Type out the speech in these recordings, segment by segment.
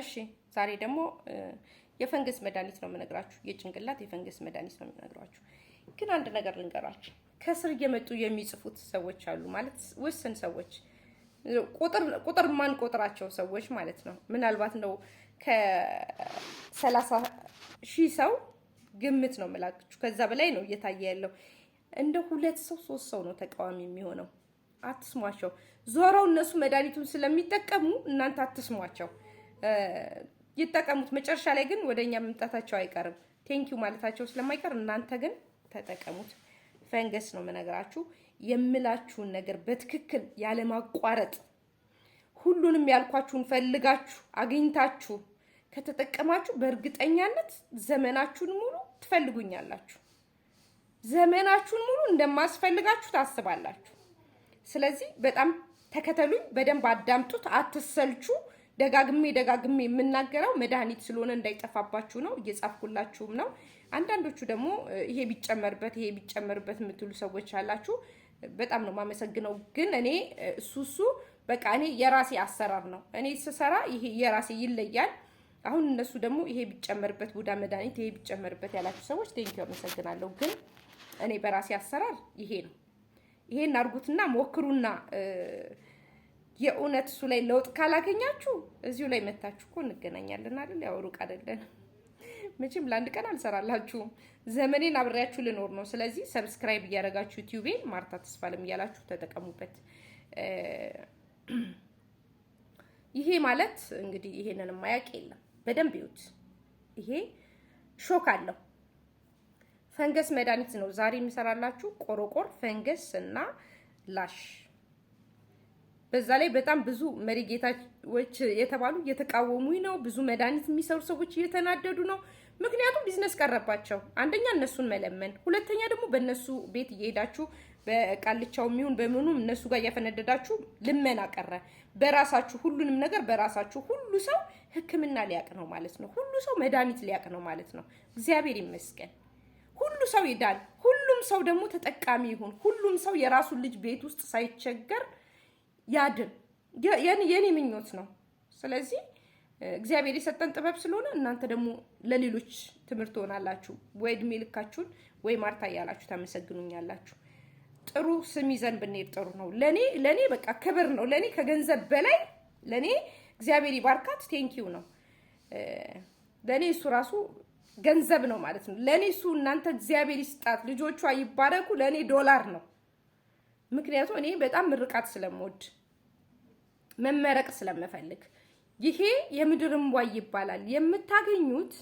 እሺ ዛሬ ደግሞ የፈንገስ መድኃኒት ነው የምነግራችሁ። የጭንቅላት የፈንገስ መድኃኒት ነው የምነግራችሁ። ግን አንድ ነገር ልንገራችሁ። ከስር እየመጡ የሚጽፉት ሰዎች አሉ ማለት ውስን ሰዎች ቁጥር ማን ቆጥራቸው ሰዎች ማለት ነው። ምናልባት ነው ከሰላሳ ሺህ ሰው ግምት ነው የምላችሁ። ከዛ በላይ ነው እየታየ ያለው። እንደ ሁለት ሰው ሶስት ሰው ነው ተቃዋሚ የሚሆነው። አትስሟቸው። ዞረው እነሱ መድኃኒቱን ስለሚጠቀሙ እናንተ አትስሟቸው። ይጠቀሙት። መጨረሻ ላይ ግን ወደ እኛ መምጣታቸው አይቀርም። ቴንኪው ማለታቸው ስለማይቀር እናንተ ግን ተጠቀሙት። ፈንገስ ነው የምነግራችሁ። የምላችሁን ነገር በትክክል ያለማቋረጥ ሁሉንም ያልኳችሁን ፈልጋችሁ አግኝታችሁ ከተጠቀማችሁ በእርግጠኛነት ዘመናችሁን ሙሉ ትፈልጉኛላችሁ። ዘመናችሁን ሙሉ እንደማስፈልጋችሁ ታስባላችሁ። ስለዚህ በጣም ተከተሉኝ፣ በደንብ አዳምጡት፣ አትሰልቹ። ደጋግሜ ደጋግሜ የምናገረው መድኃኒት ስለሆነ እንዳይጠፋባችሁ ነው። እየጻፍኩላችሁም ነው። አንዳንዶቹ ደግሞ ይሄ ቢጨመርበት ይሄ ቢጨመርበት የምትሉ ሰዎች አላችሁ። በጣም ነው የማመሰግነው። ግን እኔ እሱ እሱ በቃ እኔ የራሴ አሰራር ነው እኔ ስሰራ፣ ይሄ የራሴ ይለያል። አሁን እነሱ ደግሞ ይሄ ቢጨመርበት ቡዳ መድኃኒት ይሄ ቢጨመርበት ያላችሁ ሰዎች ቴንኪው፣ አመሰግናለሁ። ግን እኔ በራሴ አሰራር ይሄ ነው። ይሄን አድርጉትና ሞክሩና የእውነት እሱ ላይ ለውጥ ካላገኛችሁ እዚሁ ላይ መታችሁ እኮ እንገናኛለን አይደል? ያው ሩቅ አይደለን። መቼም ለአንድ ቀን አልሰራላችሁም። ዘመኔን አብሬያችሁ ልኖር ነው። ስለዚህ ሰብስክራይብ እያደረጋችሁ ዩቲዩቤን ማርታ ተስፋለም እያላችሁ ተጠቀሙበት። ይሄ ማለት እንግዲህ ይሄንን ማያቅ የለም። በደንብ ይዩት። ይሄ ሾክ አለው ፈንገስ መድኃኒት ነው ዛሬ የሚሰራላችሁ ቆሮቆር፣ ፈንገስ እና ላሽ በዛ ላይ በጣም ብዙ መሪጌታዎች የተባሉ እየተቃወሙኝ ነው። ብዙ መድኃኒት የሚሰሩ ሰዎች እየተናደዱ ነው። ምክንያቱም ቢዝነስ ቀረባቸው። አንደኛ እነሱን መለመን፣ ሁለተኛ ደግሞ በእነሱ ቤት እየሄዳችሁ በቃልቻው የሚሆን በምኑም እነሱ ጋር እያፈነደዳችሁ ልመና ቀረ። በራሳችሁ ሁሉንም ነገር በራሳችሁ ሁሉ ሰው ሕክምና ሊያቅ ነው ማለት ነው። ሁሉ ሰው መድኃኒት ሊያቅ ነው ማለት ነው። እግዚአብሔር ይመስገን ሁሉ ሰው ይዳል። ሁሉም ሰው ደግሞ ተጠቃሚ ይሁን። ሁሉም ሰው የራሱን ልጅ ቤት ውስጥ ሳይቸገር ያድን። የኔ ምኞት ነው። ስለዚህ እግዚአብሔር የሰጠን ጥበብ ስለሆነ እናንተ ደግሞ ለሌሎች ትምህርት ትሆናላችሁ። ወይ እድሜ ልካችሁን ወይ ማርታ እያላችሁ ታመሰግኑኛላችሁ። ጥሩ ስም ይዘን ብንሄድ ጥሩ ነው። ለኔ ለኔ በቃ ክብር ነው። ለኔ ከገንዘብ በላይ ለኔ እግዚአብሔር ይባርካት ቴንኪው ነው። ለኔ እሱ ራሱ ገንዘብ ነው ማለት ነው። ለኔ እሱ እናንተ እግዚአብሔር ይስጣት፣ ልጆቿ ይባረኩ፣ ለኔ ዶላር ነው። ምክንያቱም እኔ በጣም ምርቃት ስለምወድ መመረቅ ስለምፈልግ ይሄ የምድር እንቧይ ይባላል። የምታገኙት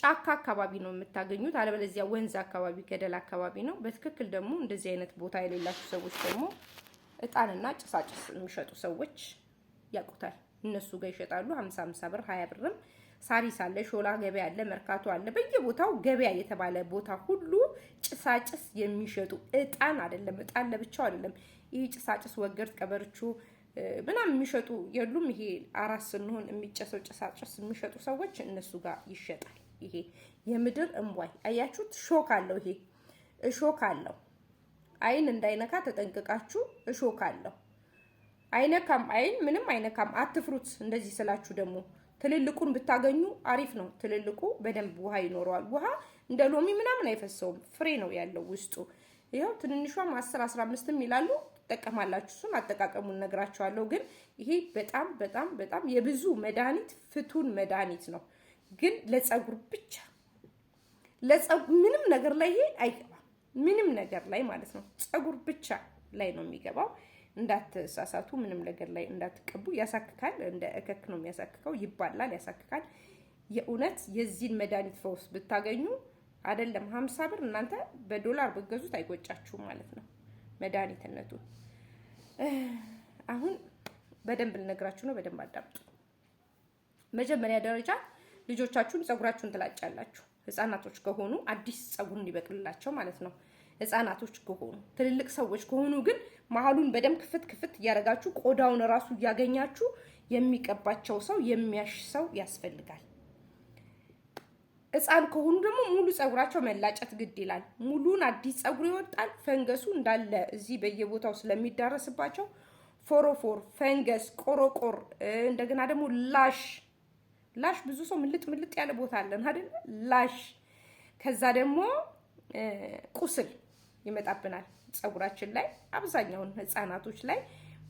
ጫካ አካባቢ ነው የምታገኙት፣ አለበለዚያ ወንዝ አካባቢ፣ ገደል አካባቢ ነው። በትክክል ደግሞ እንደዚህ አይነት ቦታ የሌላቸው ሰዎች ደግሞ እጣንና ጭሳጭስ የሚሸጡ ሰዎች ያውቁታል። እነሱ ጋር ይሸጣሉ። ሀምሳ ሀምሳ ብር ሀያ ብርም ሳሪስ አለ፣ ሾላ ገበያ አለ፣ መርካቶ አለ። በየቦታው ገበያ የተባለ ቦታ ሁሉ ጭሳጭስ የሚሸጡ እጣን አይደለም እጣን ለብቻው አይደለም። ይህ ጭሳጭስ ወገርት፣ ቀበርቹ ምናምን የሚሸጡ የሉም። ይሄ አራስ ስንሆን የሚጨሰው ጭሳጭስ የሚሸጡ ሰዎች እነሱ ጋር ይሸጣል። ይሄ የምድር እንቧይ አያችሁት? ሾክ አለው። ይሄ እሾክ አለው። አይን እንዳይነካ ተጠንቅቃችሁ። እሾክ አለው። አይነካም። አይን ምንም አይነካም። አትፍሩት። እንደዚህ ስላችሁ ደግሞ ትልልቁን ብታገኙ አሪፍ ነው። ትልልቁ በደንብ ውሃ ይኖረዋል። ውሃ እንደ ሎሚ ምናምን አይፈሰውም። ፍሬ ነው ያለው ውስጡ። ይኸው ትንንሿም አስር አስራ አምስትም ይላሉ ትጠቀማላችሁ። እሱን አጠቃቀሙን ነግራችኋለሁ። ግን ይሄ በጣም በጣም በጣም የብዙ መድኃኒት ፍቱን መድኃኒት ነው። ግን ለጸጉር ብቻ ለፀጉር ምንም ነገር ላይ ይሄ አይገባም። ምንም ነገር ላይ ማለት ነው። ፀጉር ብቻ ላይ ነው የሚገባው። እንዳትሳሳቱ፣ ምንም ነገር ላይ እንዳትቀቡ። ያሳክካል፣ እንደ እከክ ነው የሚያሳክከው። ይባላል፣ ያሳክካል። የእውነት የዚህን መድኃኒት ፈውስ ብታገኙ አይደለም ሀምሳ ብር እናንተ በዶላር ብገዙት አይቆጫችሁም ማለት ነው መድኃኒትነቱ። አሁን በደንብ ልነግራችሁ ነው፣ በደንብ አዳምጡ። መጀመሪያ ደረጃ ልጆቻችሁን ፀጉራችሁን ትላጫላችሁ። ህፃናቶች ከሆኑ አዲስ ፀጉር እንዲበቅልላቸው ማለት ነው። ህፃናቶች ከሆኑ ትልልቅ ሰዎች ከሆኑ ግን መሀሉን በደንብ ክፍት ክፍት እያደረጋችሁ ቆዳውን እራሱ እያገኛችሁ የሚቀባቸው ሰው የሚያሽ ሰው ያስፈልጋል። ህፃን ከሆኑ ደግሞ ሙሉ ፀጉራቸው መላጨት ግድ ይላል። ሙሉን አዲስ ፀጉር ይወጣል። ፈንገሱ እንዳለ እዚህ በየቦታው ስለሚዳረስባቸው ፎሮፎር፣ ፈንገስ፣ ቆሮቆር እንደገና ደግሞ ላሽ ላሽ ብዙ ሰው ምልጥ ምልጥ ያለ ቦታ አለን አይደል? ላሽ ከዛ ደግሞ ቁስል ይመጣብናል ፀጉራችን ላይ አብዛኛውን ህፃናቶች ላይ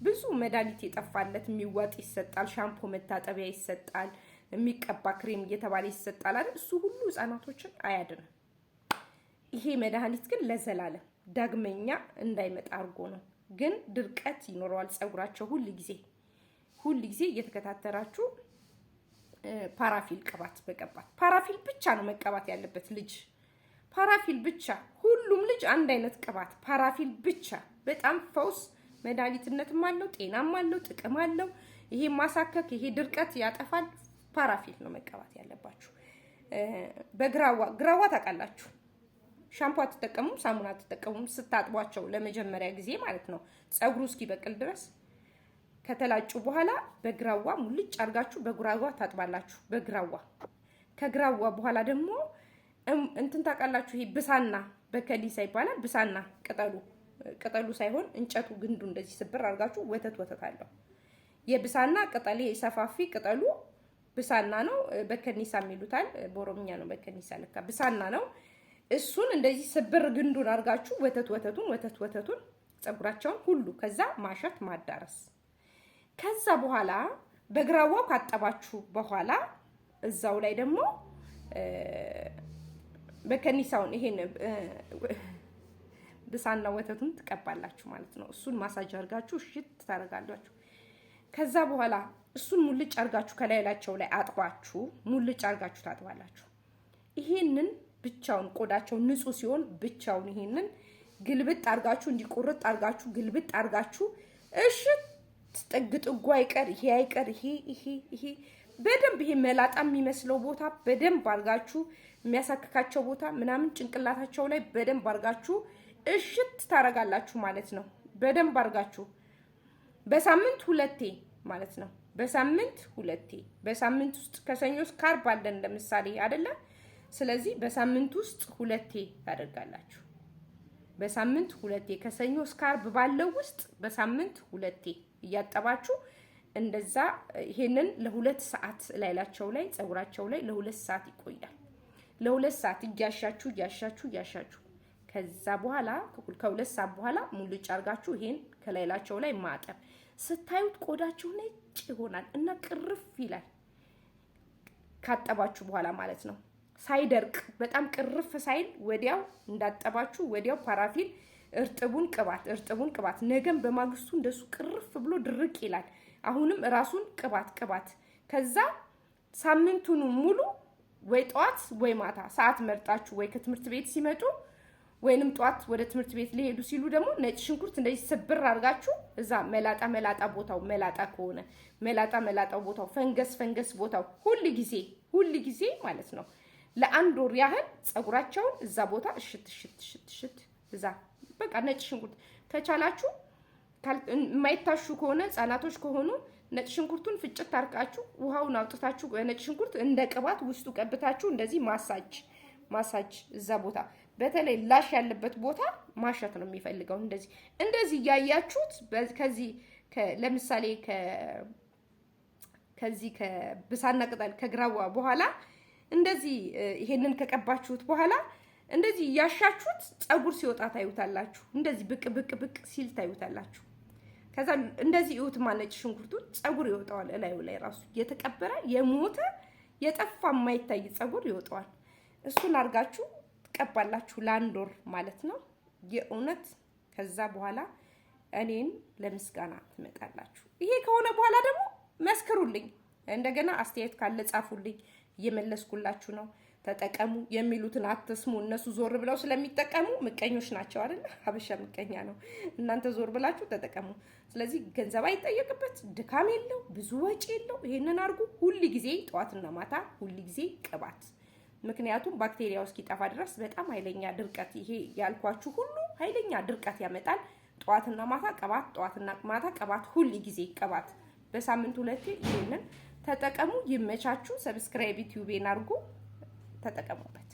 ብዙ መድኃኒት የጠፋለት የሚዋጥ ይሰጣል፣ ሻምፖ መታጠቢያ ይሰጣል፣ የሚቀባ ክሬም እየተባለ ይሰጣል አይደል? እሱ ሁሉ ህፃናቶችን አያድንም። ይሄ መድኃኒት ግን ለዘላለም ዳግመኛ እንዳይመጣ አድርጎ ነው። ግን ድርቀት ይኖረዋል ፀጉራቸው ሁል ጊዜ ሁል ጊዜ እየተከታተላችሁ ፓራፊል ቅባት መቀባት። ፓራፊል ብቻ ነው መቀባት ያለበት ልጅ ፓራፊል ብቻ ሁሉም ልጅ አንድ አይነት ቅባት ፓራፊን ብቻ በጣም ፈውስ መድኃኒትነትም አለው፣ ጤናም አለው፣ ጥቅም አለው። ይሄ ማሳከክ፣ ይሄ ድርቀት ያጠፋል። ፓራፊን ነው መቀባት ያለባችሁ። በግራዋ ግራዋ ታውቃላችሁ፣ ሻምፖ አትጠቀሙም፣ ሳሙና አትጠቀሙም። ስታጥቧቸው ለመጀመሪያ ጊዜ ማለት ነው ፀጉሩ እስኪበቅል ድረስ ከተላጩ በኋላ በግራዋ ሙልጭ አድርጋችሁ በግራዋ ታጥባላችሁ። በግራዋ ከግራዋ በኋላ ደግሞ እንትን ታውቃላችሁ፣ ይሄ ብሳና በከዲሳ ይባላል። ብሳና ቅጠሉ ቅጠሉ ሳይሆን እንጨቱ ግንዱ እንደዚህ ስብር አድርጋችሁ ወተት ወተት አለው። የብሳና ቅጠሌ ሰፋፊ ቅጠሉ ብሳና ነው። በከኒሳ የሚሉታል በኦሮምኛ ነው። በከኒሳ ለካ ብሳና ነው። እሱን እንደዚህ ስብር ግንዱን አድርጋችሁ ወተት ወተቱን ወተት ወተቱን ፀጉራቸውን ሁሉ ከዛ ማሸት ማዳረስ። ከዛ በኋላ በግራዋው ካጠባችሁ በኋላ እዛው ላይ ደግሞ በከኒሳውን ይሄን ብሳና ወተቱን ትቀባላችሁ ማለት ነው። እሱን ማሳጅ አርጋችሁ እሽት ታደርጋላችሁ። ከዛ በኋላ እሱን ሙልጭ አድርጋችሁ ከላይላቸው ላይ አጥባችሁ ሙልጭ አድርጋችሁ ታጥባላችሁ። ይሄንን ብቻውን ቆዳቸው ንጹህ ሲሆን ብቻውን ይሄንን ግልብጥ አርጋችሁ እንዲቆርጥ አርጋችሁ ግልብጥ አርጋችሁ እሽት ጥግ ጥጉ አይቀር ይሄ አይቀር ይሄ ይሄ ይሄ በደንብ ይሄ መላጣ የሚመስለው ቦታ በደንብ አድርጋችሁ የሚያሳክካቸው ቦታ ምናምን ጭንቅላታቸው ላይ በደንብ አርጋችሁ እሽት ታረጋላችሁ ማለት ነው። በደንብ አድርጋችሁ በሳምንት ሁለቴ ማለት ነው። በሳምንት ሁለቴ በሳምንት ውስጥ ከሰኞ እስከ ዓርብ አለን ለምሳሌ አይደለም። ስለዚህ በሳምንት ውስጥ ሁለቴ ታደርጋላችሁ። በሳምንት ሁለቴ ከሰኞ እስከ ዓርብ ባለው ውስጥ በሳምንት ሁለቴ እያጠባችሁ እንደዛ ይሄንን ለሁለት ሰዓት ላይላቸው ላይ ጸጉራቸው ላይ ለሁለት ሰዓት ይቆያል። ለሁለት ሰዓት እያሻችሁ እያሻችሁ እያሻችሁ ከዛ በኋላ ከሁለት ሰዓት በኋላ ሙልጭ አርጋችሁ ይሄን ከላይላቸው ላይ ማጠብ። ስታዩት ቆዳችሁ ነጭ ይሆናል እና ቅርፍ ይላል። ካጠባችሁ በኋላ ማለት ነው። ሳይደርቅ በጣም ቅርፍ ሳይል ወዲያው እንዳጠባችሁ ወዲያው ፓራፊን እርጥቡን ቅባት እርጥቡን ቅባት ነገም በማግስቱ እንደሱ ቅርፍ ብሎ ድርቅ ይላል። አሁንም ራሱን ቅባት ቅባት ከዛ ሳምንቱን ሙሉ ወይ ጠዋት ወይ ማታ ሰዓት መርጣችሁ ወይ ከትምህርት ቤት ሲመጡ ወይንም ጠዋት ወደ ትምህርት ቤት ሊሄዱ ሲሉ ደግሞ ነጭ ሽንኩርት እንደዚህ ስብር አድርጋችሁ እዛ መላጣ መላጣ ቦታው መላጣ ከሆነ መላጣ መላጣው ቦታው ፈንገስ ፈንገስ ቦታው ሁል ጊዜ ሁል ጊዜ ማለት ነው ለአንድ ወር ያህል ፀጉራቸውን እዛ ቦታ እሽት እሽት እሽት እሽት እዛ በቃ ነጭ ሽንኩርት ከቻላችሁ የማይታሹ ከሆነ ህጻናቶች ከሆኑ ነጭ ሽንኩርቱን ፍጭት ታርቃችሁ ውሃውን አውጥታችሁ ነጭ ሽንኩርት እንደ ቅባት ውስጡ ቀብታችሁ እንደዚህ ማሳጅ ማሳጅ እዛ ቦታ በተለይ ላሽ ያለበት ቦታ ማሸት ነው የሚፈልገው። እንደዚህ እንደዚህ እያያችሁት ከዚህ ለምሳሌ ከዚህ ከብሳና ቅጠል ከግራዋ በኋላ እንደዚህ ይሄንን ከቀባችሁት በኋላ እንደዚህ እያሻችሁት ፀጉር ሲወጣ ታዩታላችሁ። እንደዚህ ብቅ ብቅ ብቅ ሲል ታዩታላችሁ። ከዛ እንደዚህ እዩት፣ ማነጭ ሽንኩርቱን ፀጉር ይወጣዋል። እላዩ ላይ ራሱ የተቀበረ የሞተ የጠፋ የማይታይ ፀጉር ይወጣዋል። እሱን አድርጋችሁ ትቀባላችሁ ለአንድ ወር ማለት ነው። የእውነት ከዛ በኋላ እኔን ለምስጋና ትመጣላችሁ። ይሄ ከሆነ በኋላ ደግሞ መስክሩልኝ። እንደገና አስተያየት ካለ ጻፉልኝ፣ እየመለስኩላችሁ ነው። ተጠቀሙ የሚሉትን አትስሙ። እነሱ ዞር ብለው ስለሚጠቀሙ ምቀኞች ናቸው አይደል? ሀበሻ ምቀኛ ነው። እናንተ ዞር ብላችሁ ተጠቀሙ። ስለዚህ ገንዘብ አይጠየቅበት፣ ድካም የለው፣ ብዙ ወጪ የለው። ይሄንን አድርጉ ሁል ጊዜ ጠዋትና ማታ፣ ሁል ጊዜ ቅባት። ምክንያቱም ባክቴሪያው እስኪጠፋ ድረስ በጣም ኃይለኛ ድርቀት፣ ይሄ ያልኳችሁ ሁሉ ኃይለኛ ድርቀት ያመጣል። ጠዋትና ማታ ቅባት፣ ጠዋትና ማታ ቅባት፣ ሁል ጊዜ ቅባት። በሳምንት ሁለቴ ይሄንን ተጠቀሙ። ይመቻችሁ። ሰብስክራይብ ዩቲዩቤን አድርጉ። ተጠቀሙበት።